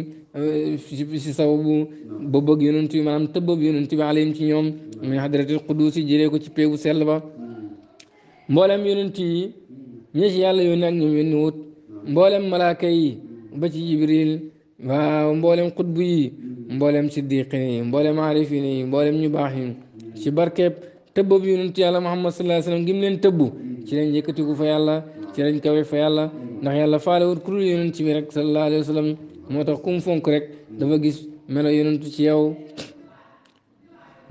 Speaker 1: si sababu bëbbëg yonent bi maanaam tëbbëb yonent bi alayhim ci ñoom min hadratil qudusi jëlee ko ci péegu sell ba mboolem yonent yi ñi ci yàlla yónni ak ñoom yónni wut mboolem malaaka yi ba ci jibril waaw mboolem xutbu yi mboolem siddiqin yi mboolem arifin yi mboolem ñu baax yi ci barkeeb tëbbab yonent yàlla muhammad sallallahu alayhi wasallam gim leen tëbb ci lañ yëkkatiku fa yàlla ci lañ kawe fa yàlla ndax yàlla faale wut ku dul yonent bi rek sallallahu alayhi wasallam moo tax kum fonk rek dafa gis melo yonent ci yow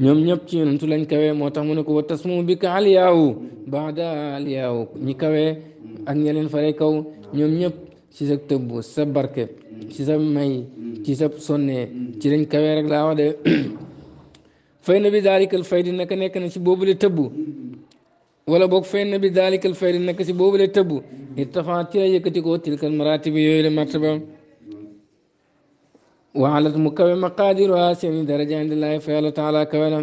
Speaker 1: ñoom ñëpp ci yonentu lañ kawe moo tax mu ne ko wa tasmu bi ka aliyaawu baada aliyaawu ñi kawee ak ña leen fare kaw ñoom ñëpp ci sa tëbb sa barke ci sa may ci sa sonnee ci lañ kawee rek laa wax de fay na bi daalikal fay di naka nekk na ci boobule tëbb wala boog fay na bi daalikal fay di naka ci boobule tëbb it tafaat ci la yëkkati ko tilkal maraati bi yooyu la martaba وعلى المكومة قادر واسين درجة عند الله فعلا تعالى كولا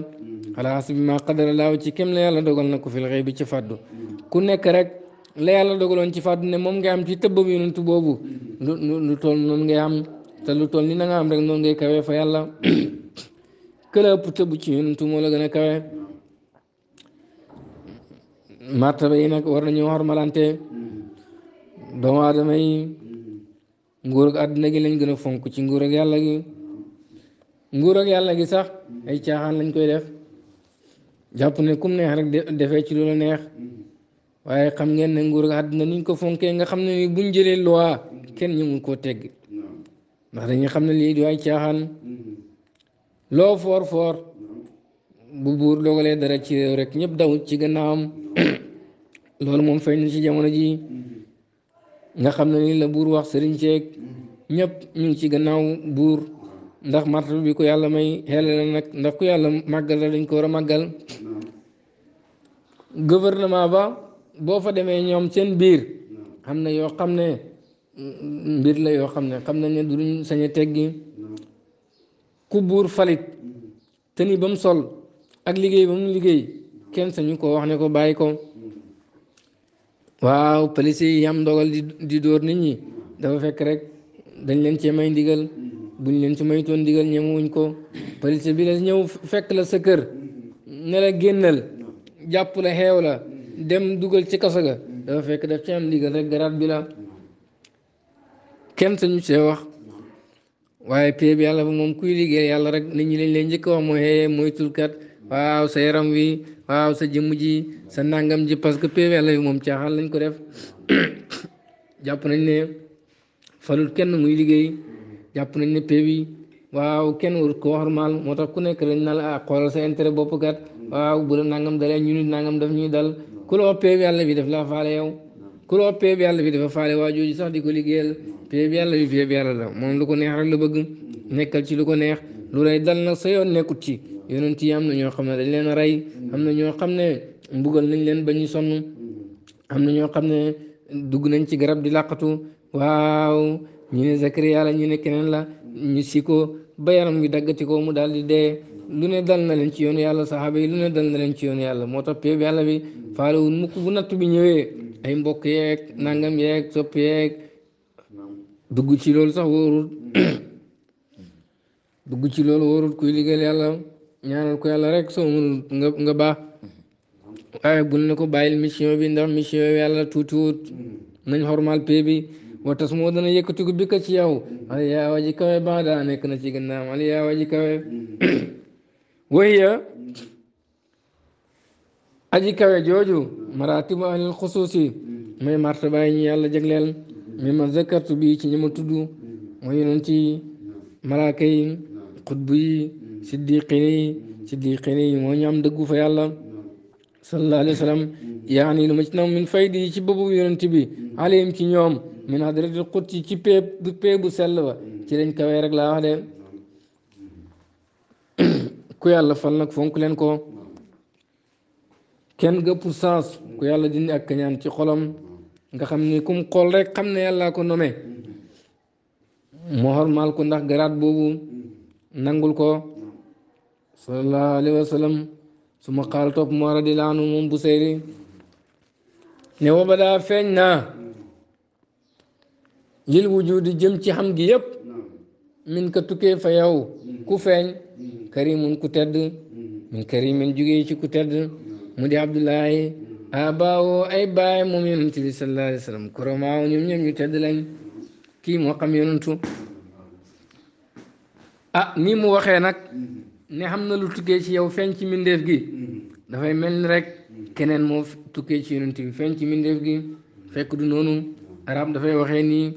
Speaker 1: على حسب ما قدر الله وشكم لا يلا دوغل نكو في الغيب تفادو كنا كرك لا يلا دوغل ان تفادو نمم غام تتبو بي ننتبو بو نطول نم غام تلوطول نينا غام رك نم غي كوي فعلا كلا بتبو تي ننتمو لغن كوي ما تبينك ورنيو هرمالان دوما دمائي nguur ak àdduna gi lañ gën fonk ci nguur ak yàlla gi nguur ak yàlla gi sax ay caaxaan lañ koy def jàpp ne kum neex rek defee ci loolu neex waaye xam ngeen ne nguur ak àdduna nuñ ko fonkee nga xam ne ni buñ jëlee loi kenn ñëwul koo tegg ndax dañuy xam ne lii du ay caaxaan loo foor foor bu buur dogalee dara ci réew rek ñëpp daw ci gannaawam loolu moom feeñ na ci jamono ji nga xam ne nii la buur wax sëriñ ceeg ñëpp ñu ngi ci gannaaw buur ndax martaba bi ko yàlla may xel la nag ndax ku yàlla màggal la dañ ko war a màggal gouvernement ba boo fa demee ñoom seen biir xam ne yoo xam ne mbir la yoo xam ne xam nañ ne duñ sañ a teggi ku buur falit te ni ba mu sol ak liggéey ba mu liggéey kenn sañu ko wax ne ko bàyyi ko waaw police yi am dogal di di dóor ñi dafa fekk rek dañ leen cee may ndigal buñ leen ci maytoon ndigal wuñ ko police bi la ñëw fekk la sa kër ne la génnal jàpp la xeew la dem dugal ci kasaga ga dafa fekk daf ci am ndigal rek garaat bila kenn kenn sañu cee wax waaye pée bi yàlla ba moom kuy liggéey yàlla rek nit ñi lañ leen njëkk wax mooy xëyee moytul kat waaw sa yaram wi waaw sa jëmm ji sa nangam ji parce que PVL yi moom caaxaan lañ ko def jàpp nañ ne falul kenn muy liggéey jàpp nañ ne PV waaw kenn warut ko maal moo tax ku nekk dañ naan ah xoolal sa intérêt bopp kat waaw bu la ñu nangam daf ñuy dal ku loo PVL bi daf laa faale yow ku loo PVL bi dafa faale waa jooju sax di ko liggéeyal PVL bi PVL la moom lu ko neex rek la bëgg nekkal ci lu ko neex lu lay dal nag sa yoon nekkut ci. yonent yi am na ñoo xam ne dañ leen rey am na ñoo xam ne mbugal nañ leen ba ñu am na ñoo xam ne dugg nañ ci garab di làqatu waaw ñu ne Zakariya la ñu ne keneen la ñu si ko ba yaram wi daggati ko mu daal di dee lu ne dal na leen ci yoonu yàlla saxaaba yi lu ne dal na leen ci yoonu yàlla moo tax péeb yàlla bi faalewul mukk bu natt bi ñëwee ay mbokk yeeg nangam yeeg sopp yeeg dugg ci loolu sax wóorul dugg ci loolu wóorul kuy liggéeyal yàlla ñaanal ko yàlla rek soo mënul nga nga waaye bul ko bàyyil mission bi ndax mission bi yàlla tuutiwut nañ xormal pay bi watas moo dana yëkkati ko bikka ci yow ali yaa waji kawe baax daa nekk na ci gannaaw ali yaa waji kawe wahiya aji kawe jooju maratibu alil xusuusi may martabaay ñi yàlla jagleel mi ma zakartu bi ci ñi ma tudd mooy yonent yi صديقيني صديقيني مو نيام دغو فا يالا صلى الله عليه وسلم يعني لو مجنا من فايدة شي بوبو يونتي بي عليهم شي نيوم من حضره القدس شي بيب دو بيب سلوا شي لن كاوي رك لا واخ كو يالا فال نك فونك لين كو كين غا بور سانس كو يالا ديني اك نيان شي خولم غا خامني كوم خول رك مهر مال كو غرات بوبو نانغول كو sallallahu alayhi wa sallam su ma xaal topp moo radiyallahu ne wa feeñ naa lil wujudi jëm ci xam gi yépp min ka tukkee fa yow ku feeñ karimun ku tedd min karimin jugee ci ku tedd mu di abdullahi abaawo ay baay moom yonent bi sallallahu alayhi wa sallam koromaaw ñoom ñu tedd lañ kii moo xam yonentu ah ni mu waxee nag ne xam na lu tukkee ci yow feeñ ci mbindeef gi mm-hmm. dafay mel ni rek mm-hmm. keneen moo tukkee ci yonent bi feeñ ci gi fekk du noonu mm-hmm. arab dafay waxee nii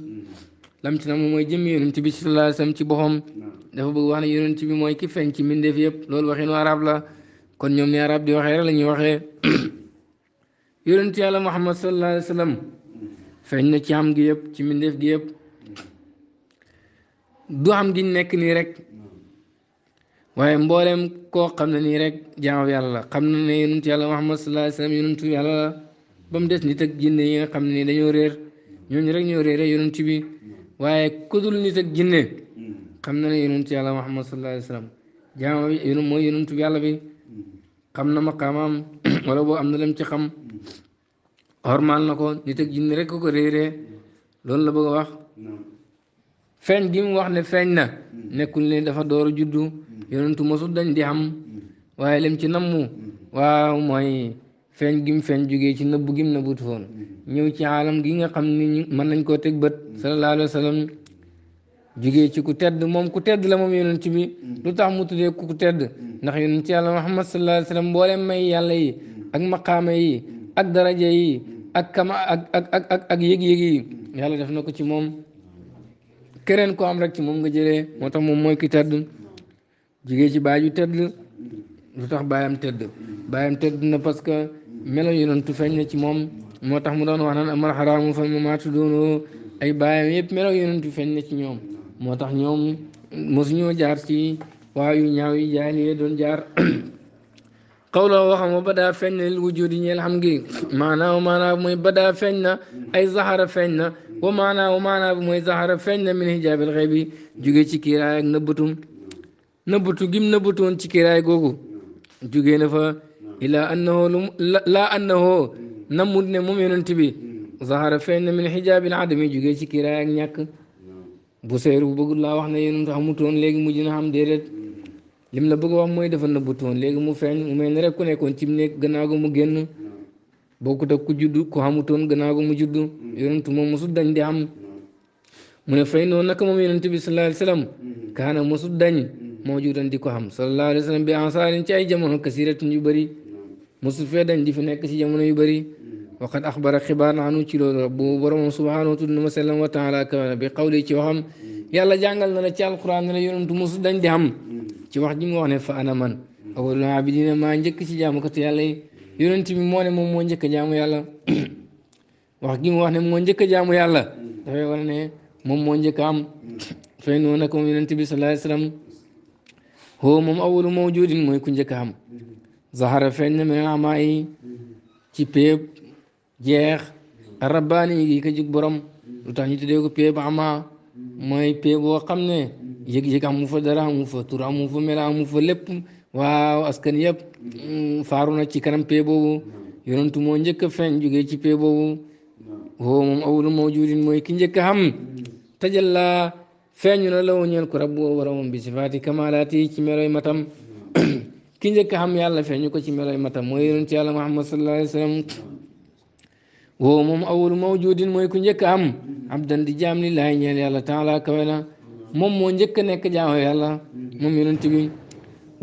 Speaker 1: lam ci na moom mooy jëmmi yonent bi sallallahu alayhi wasallam ci boppam dafa bëgg wax ne yonent bi mooy ki feeñ ci mbindeef yëpp loolu waxinu arab la kon ñoom ni arab di waxee rek la ñuy waxee yonent yàlla muhammad sallallahu alayhi feeñ na ci am gi yëpp ci mbindeef gi yëpp du am gi nekk nii rek waaye mboolem koo xam ne nii rek jaamu yàlla la xam na ne yonent yàlla Muhammad sallallahu alayhi wa sallam yonentu yàlla la ba mu des nit ak jinne yi nga xam ne nii dañoo réer ñooñu rek ñoo réere yonent bi waaye kudul nit ak jinne xam na ne yonentu yàlla Muhammad sallallahu alayhi wa sallam jaamu yonu mooy yonentu yàlla bi xam na maqaamaam wala boo am na lam ci xam xormaal na ko nit ak jinne rek ko ko réeree loolu la bëgg a wax feeñ gi mu wax ne feeñ na hmm. nekkul ne dafa door a juddu yonentu mosut dañ di am waaye lim ci nammu waaw mooy feeñ gim feeñ jógee ci nëbbu gim nëbbut foon ñëw ci alam gi nga xam ni mën nañ koo teg bët sallallahu alayhi wa sallam ci ku tedd moom ku tedd la moom yonent bi lu tax mu tuddee ku tedd ndax yonent yàlla muhammad sallallahu alayhi wa sallam may yàlla yi ak makaama yi ak daraja yi ak kama ak ak yëg-yëg yi yàlla def na ko ci moom keneen ko am rek ci moom nga jëlee moo tax moom mooy ki tedd jugee ci baay ju tëdd lu tax baayam tëdd baayam tëdd na parce que melo yonantu feeñ na ci moom moo tax mu doon wax naan amal xaraamu fa ma maatu doonoo ay baayam yëpp melo yonantu feeñ na ci ñoom moo tax ñoom mosuñoo jaar ci waa yu ñaaw yi jaahiliya doon jaar xawloo waxam wa badaa feeñ na lil wujudi ñeel xam ngi maanaa wa maanaa bu mooy badaa feeñ na ay zaxara feeñ na wa maanaa wa maanaa bu mooy zaxara feeñ na min hijaabil xëy bi jugee ci kiiraay ak nëbbatum nëbbutu gim nëbbutu woon ci kiraay googu jugee na fa ilaa annahoo lu laa annahoo namut ne moom yonent bi zahara feeñ na min xijaabil adami jugee ci kiraay ak ñàkk bu bu bëggul laa wax ne yonent xamutoon léegi mujj na xam déedéet lim la bëgg wax mooy dafa nëbbutoon léegi mu feeñ mu mel ne rek ku nekkoon ci mu nekk gannaaw gu mu génn bokkut ak ku judd ku xamutoon moom mosul dañ di xam mu ne fay noonu naka moom yonent bi sallallahu alayhi kaana mosul dañ mawjudan di ko xam sallallahu alayhi wa sallam bi ansaarin ci ay jamono yu bëri mosu fee dañ di fi nekk ci jamono yu bëri waqad axbara xibaar na anu ci loolu rabbu boromam subhaanahu tudd na ma sellam wa taala kawana bi xawli ci waxam yàlla jàngal na la ci alquran ne la yonantu mosu dañ ci wax ji mu wax ne fa ana man awalul maa njëkk ci jaamukatu yàlla yi yonent bi moo ne moom moo njëkk a jaamu yàlla wax gi mu wax ne moo njëkk a jaamu yàlla dafay war ne moom moo njëkk a am hoo moom awalu mawjudin mooy ku njëkk xam zahara feeñ na min amaayi ci péeb jeex rabbaani yi ka jig borom lu tax ñu tuddee ko mooy péeb boo xam ne yëg-yëg amu dara amu tur amu fa mela amu fa waaw askan yëpp mm, faaru na ci kanam péeb boobu yonentu moo njëkk a feeñ ci péeb boobu hoo moom awalu mawjudin mooy ki njëkk xam tajalla feeñu na la ñeel ko rabbu waramam bi sifaati kamalaat ci meloy matam ki njëkk xam yàlla feeñu ko ci meloy matam mooy yonent yàlla muhammad sallallahu alayhi wa sallam moom awalu mawjudin mooy ku njëkk am abdan di jaam li ñeel yàlla taala kawe moom moo njëkk a nekk jaamu yàlla moom yonent bi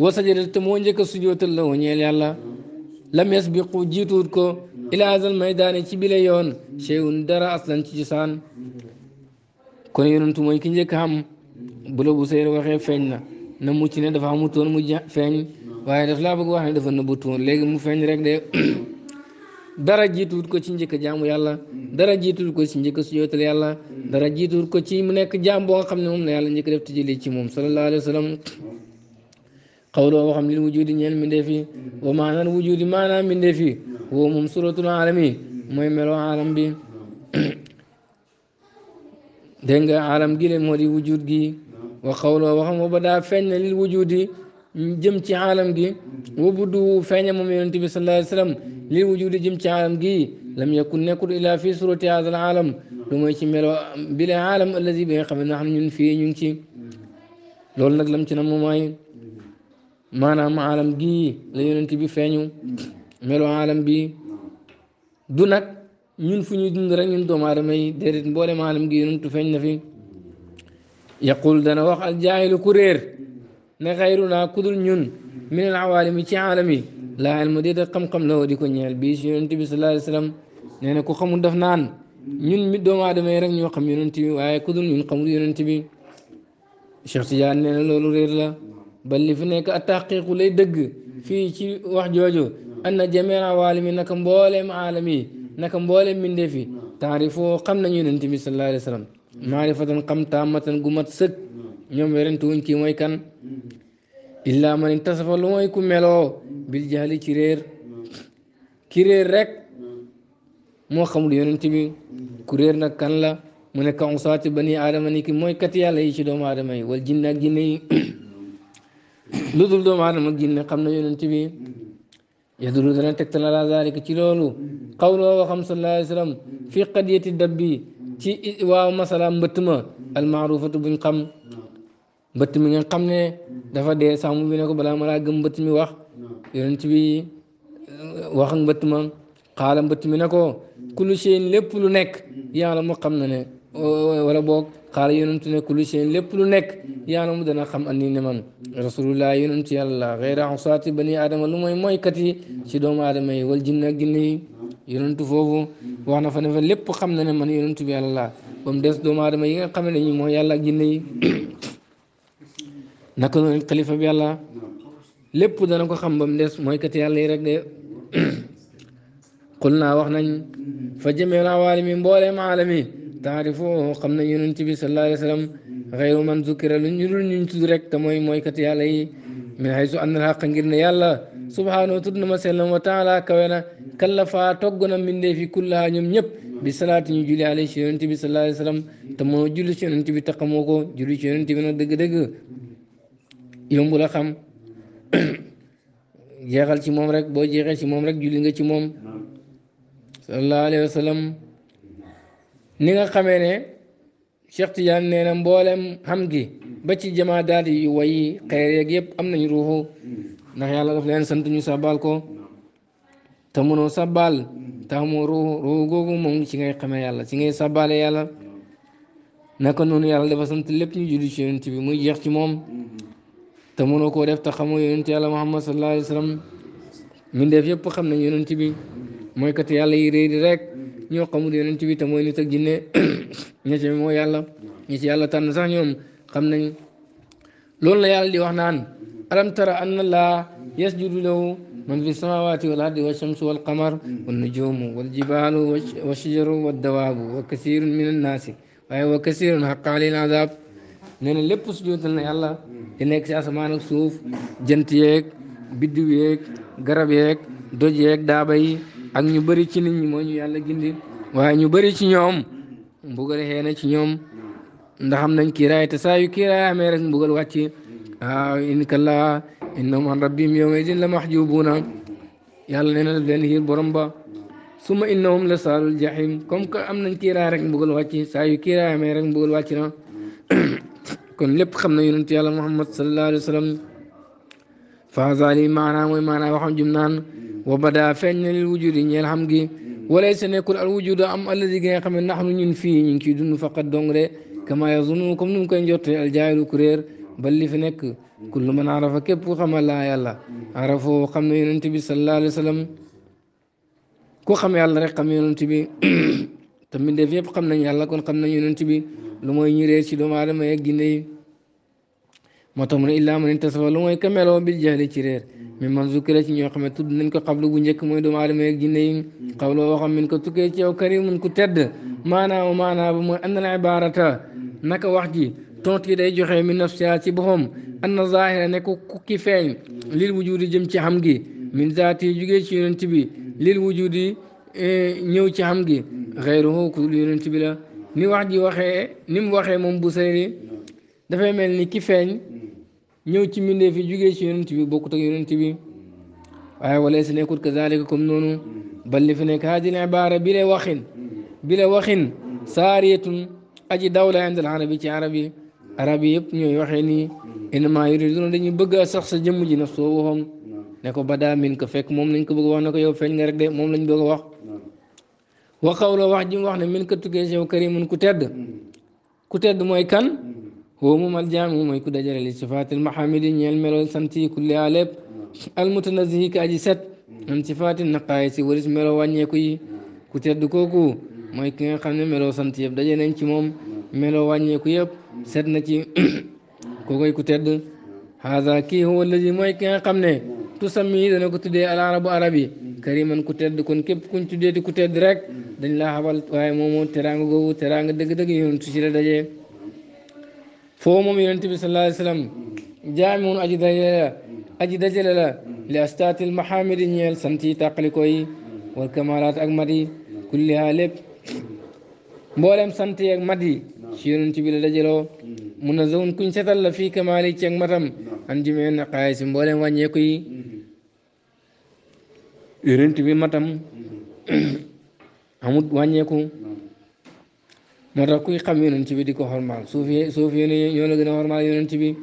Speaker 1: wa sajada te moo njëkk a sujootal la ñeel yàlla lam yasbiqu jiituut ko ila azal maydaani ci bile yoon dara aslan ci cosaan kon yonentu mooy ki njëkk xam bulo bu seer waxee feeñ na na mucc ne dafa xamutoon mu feeñ waaye daf laa bëgg wax na dafa nëbbutoon léegi mu feeñ rek de dara jiituwut ko ci njëkk jaamu yàlla dara jiituwut ko ci njëkk sujootal yàlla dara jiituwut ko ci mu nekk jaam boo nga xam ne moom la yàlla njëkk def tëjëlee ci moom sallallahu alayhi wa sallam xawloo waxam lil wujudi ñeen mbindeef yi wa maanaam wujudi maanaam mbindeef yi woo suratul alami bi dégg nga alam gi leen moo di wujud gi wa xawloo waxam wa ba daa feeñ na lil wujudi jëm ci alam gi wa buddu feeña moom yonent bi sallallahu alayhi wa sallam lil wujudi jëm ci alam gi lam yakun nekkul ila fi surati hada al alam lu mooy ci melo bi la alam allazi bi nga xam ne na xam ñun fii ñu ngi ci loolu nag lam ci na moom mooy maanaam alam gi la yonent bi feeñu melo alam bi du nag ñun fu ñuy dund rek ñun doom adama yi déedéet mboole maalam gi yonentu feñ na fi yaqul dana wax al jaahil ku réer ne xayruna dul ñun min al awaalimi ci aalam yi laa ilma déedéet xam-xam la woo di ko ñeel bii si yonent bi sallallahu alayhi wa sallam nee na ku xamul daf naan ñun mi doom adama yi rek ñoo xam yonent bi waaye ku dul ñun xamul yonent bi Cheikh Tidiane nee na loolu réer la ba li fi nekk a lay dëgg fii ci wax jooju an na jamee awaalimi naka mboolem aalam yi نك مبولم من دفي تعرفوا قمنا ننتمي تمي صلى الله عليه وسلم معرفة قم تامة قمت سك يوم يرن تون كي ماي كان إلا من انتصف لما يكون ملو بالجهل كرير كرير رك مو خمر ينن كرير نك كان لا من كأنصات بني آدم كي ماي كتيا لي شدوم آدم أي والجنة جنة لذو دوم آدم الجنة قمنا ينن تمي يدرون تكتل على ذلك تلولو قوله وخمس الله عليه وسلم في قدية الدبي تي واو مثلا بتما المعروفة بن قم بتمي نين قم ني دفا دي سامو بي نكو بلا مرا گم بتمي واخ يونت بي واخ بتما قال بتمي نكو كل شيء لب لو نيك يالا مو خمنا ني wala boog xaala yonentu ne kulli seen lépp lu nekk yaa mu dana xam an ni ne man rasulullah yonentu yàlla xeyra xusaati bani aadama lu mooy moykat yi ci doomu aadama yi wal jinne ak jinne yi yonentu foofu wax na fa ne fa lépp xam na ne man yonentu bi yàlla laa ba mu des doomu aadama yi nga xam ne dañuy mooy yàlla ak jinne yi naka noonu xalifa bi yàlla lépp dana ko xam ba mu des moykat yàlla yi rek de qul naa wax nañ fa jëmee naa waalimi mbooleem aalami تعرف قم يونتي بي صلى الله عليه وسلم غير من ذكر لنجر ننتو درك تموي موي علي من حيث أن الحق نجرنا يالا سبحانه وتعالى مسلم وتعالى كوينة كلفا توقنا من دي في كلها نم نب بصلاة نجولي عليه شرنت بي صلى الله عليه وسلم تمو جولي شرنت بي تقموكو جولي شرنت بي ندق دق يوم بلا جيغل شمام رك بو شمام رك جولي شمام صلى الله عليه وسلم ni nga xamee ne Cheikh Tidiane nee na mboolem xam gi ba ci jamaa daal yi way xeer yeeg yëpp am nañu ruuxu ndax yàlla daf leen sant ñu sabal ko te mënoo sabal te amoo moom ci ngay xamee yàlla ci ngay sabale yàlla naka noonu yàlla dafa sant lépp ñu julli ci yonent bi muy jeex ci moom te mënoo koo def te xamoo yonent yàlla Muhammad sallallahu alayhi wa sallam min yëpp xam nañ yonent bi mooy kat yàlla yi réer rek ñoo xamul yonent bi te mooy nit ak jinne ña ci mooy yàlla ñi ci yàlla tànn sax ñoom xam nañ loolu la yàlla di wax naan alam tara anna laa yasjudu lahu man fi samawati wal ardi wa shamsu wal qamar wa nujumu wal jibalu wa shajaru wa dawaabu wa kasirun min annaasi waaye wa kasirun xaqa alil azab nee na lépp sujootal na yàlla di nekk si asamaan ak suuf jant yeeg biddiw yeeg garab yeeg doj yeeg daaba yi ak ñu bari ci nit ñi moo ñu yàlla gindi waaye ñu bëri ci ñoom mbugal xëy na ci ñoom ndax am nañ kiiraay te saa yu kiiraay amee rek mbugal wàcc waaw in kalla innahum an rabbihim yawma idin la mahjubuuna yàlla nee na daf leen xiir borom ba suma innahum la saalul jahim comme que am nañ kiiraay rek mbugal saa yu kiiraay amee rek mbugal wàcc na kon lépp xam na yonent yàlla muhammad sallallahu alayhi wa sallam faazali mooy maanaa waxam jum وبدا فين الوجود ني الحمغي وليس نكون الوجود ام الذي غي خمن نحن نين في نين كي دون فقط دونغري كما يظنكم نون كاي نيوت الجاهل كرير بل لي في نيك كل من عرف كيف خما لا يلا عرفوا خم ينتبي صلى الله عليه وسلم كو خم يلا رك خم ينتبي تمن ديف يب خم نيا الله كون خم نيا ينتبي لو موي نيري سي دوما دما يك moo mu ne illaa man intasaba lu mooy ka meloo bil jahli ci réer mais man zukkira ci ñoo xam ne tudd nañ ko xablu bu njëkk mooy doomu aadama yeeg jinne yi xawloo waxam min ko tukkee ci yow karimun ku tedd maanaa maanaa ba mooy ànd na ibarata naka wax ji tontu yi day joxe min nafsiha ci boppam an na zahira ne ko kukki feeñ lil wujudi jëm ci xam gi min zaati jugee ci yonent bi lil wujudi ñëw ci xam gi xeyruhu ku yonent bi la ni wax ji waxee ni mu waxee moom bu sayri dafay mel ni ki feeñ ñëw ci mbindee fi jugee ci yonent bi bokkut ak yonent bi waaye wala si nekkut kazalika comme noonu bal li fi nekk haadil ibaara bi la waxin bi la waxin saariyatun aji dawla indal arabi ci arab yi arab yi yëpp ñooy waxee nii innama yuriduna dañuy bëgg a sax sa jëmm ji naf soo waxoom ne ko badaa min ko fekk moom lañ ko bëgg wax ne ko yow feeñ nga rek de moom lañ bëgg wax wa qawla wax ji mu wax ne min ko tukkee yow karimun ku tedd ku tedd mooy kan woo moom aljaamu mooy ku dajale li sifaatil maxamidi ñeel melol sant yi kulli lépp almutanazihi ka aji set am sifaatil naqaay si waris melo wàññeeku yi ku tedd kooku mooy ki nga xam ne sant yëpp daje nañ ci moom meloo wàññeeku yëpp set na ci kookoy ku tedd haza kii huwa alladi mooy ki nga xam ne tusammi dana ko tuddee al arabu arab yi kariman ku tedd kon képp kuñ tuddee di ku tedd rek dañ laa xabal waaye moomoo teraanga googu teraanga dëgg-dëgg yoon tu ci la dajee foo moom yonent bi sallallahu alayhi wa aji dajale li astaatil mahamidi ñeel sant yi tàqaliko yi wal kamalaat ak mat yi kulliha lépp mboolem sant yi ak mat yi ci yonent la dajaloo munazawun kuñ setal la fii kamaali ci ak matam an jumeen naqaay si wàññeeku moo tax kuy xam yonent bi di ko xormaal suuf yi suuf yi ñoo la gën a xormaal yonent bi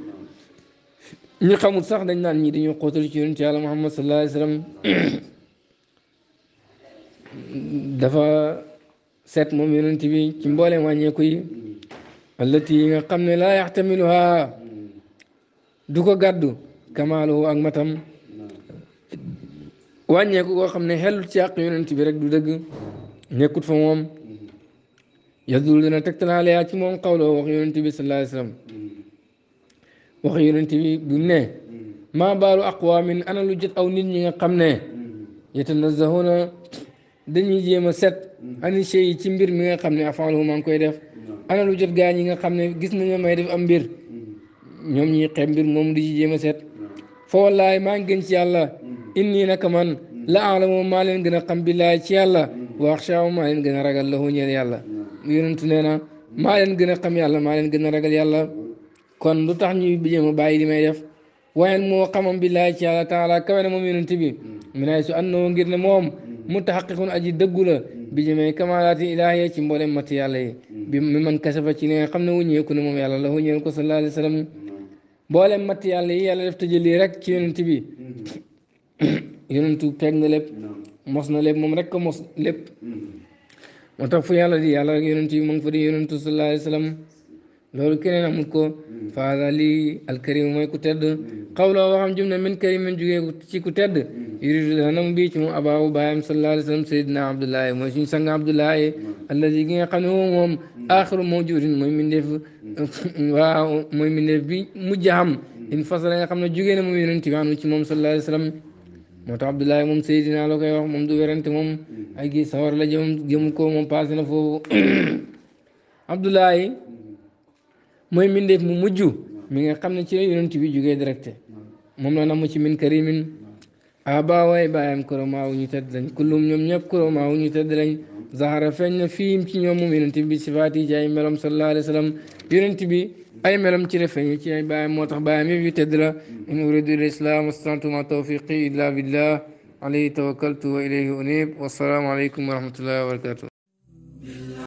Speaker 1: ñu xamul sax dañ naan ñi dañoo xóotal ci yonent yàlla muhammad sallallahu alayhi wasallam dafa seet moom yonent bi ci mbooleem wàññeeku yi allati yi nga xam ne laa yaxtamiluha du ko gàddu kamaaluhu ak matam wàññeeku koo xam ne xellut ci àq yonent bi rek du dëgg nekkut fa moom yadul dina tegtalaale yaa ci moom xawloo wax yonent bi sallallahu alayhi wasallam maa baalu aqwaamin ana lu jot aw nit ñi nga xam ne yatanazahuna dañuy jéem a set ani sey ci mbir mi nga xam ne afaalu maa ngi koy def ana lu jot gaa ñi nga xam ne gis nañu may def am mbir ñoom ñi xem mbir moom di ci jéem a set fa wallaay maa ngi gën ci yàlla inni naka man la alamoo maa leen gën a xam billaahi ci yàlla واخشاو ما لين غنا راغال لهو نيل يالا يونت نينا ما لين غنا خم يالا ما لين غنا راغال يالا كون لو تخ ني بيجي ما باي لي ماي ديف وين مو خمم بالله تعالى تعالى كوين أنا يونت بي من ايسو انو غير ن موم متحققون اجي دغولا بيجي مي كمالات الهيه تي مبولم مات يالا بي من كسفا تي ني خمنا و نيو كون موم يالا لهو نيل كو صلى الله عليه وسلم بولم مات يالا يالا ديف تجي لي رك تي يونت بي يونتو بيغنلب mos na lépp moom rek ko mos lépp moo tax fu yàlla di yàlla rek yonent yi mu ngi fa di yonentu sallallahu alayhi wa sallam loolu keneen amul ko faada lii alkarim mooy ku tedd xawloo waxam jum ne min karimin jugee ci ku tedd yuridu danam bii ci moom abaabu baayam sallallahu alayhi wa sallam sayidina abdullahi mooy suñu sang abdullahi allazi gi nga xam ne moom moom aaxiru mawjudin mooy mindeef waaw mooy mindeef bi mujj xam in fasala nga xam ne jugee na moom yonent bi anu ci moom sallallahu alayhi wa sallam moo tax Abdoulaye moom Seydina la koy wax moom du werante moom ay gi sawar la jëm jëm ko moom passé na foofu Abdoulaye mooy mbindeef mu mujj mi nga xam ne ci yonent bi jógee directe moom la namu ci min karimin aba way bàyyam koroma wu ñu tedd lañ kullum ñoom ñëpp koroma wu ñu tedd lañ zahara feeñ na fiim ci ñoom moom yonent bi sifaati ci ay melam sallallahu alayhi wa sallam yonent bi اي ملم تي رفاني تي اي باي موتر باي مي في ان اريد الاسلام والسلامه مع توفيقي
Speaker 2: الا بالله عليه توكلت واليه انيب والسلام عليكم ورحمه الله وبركاته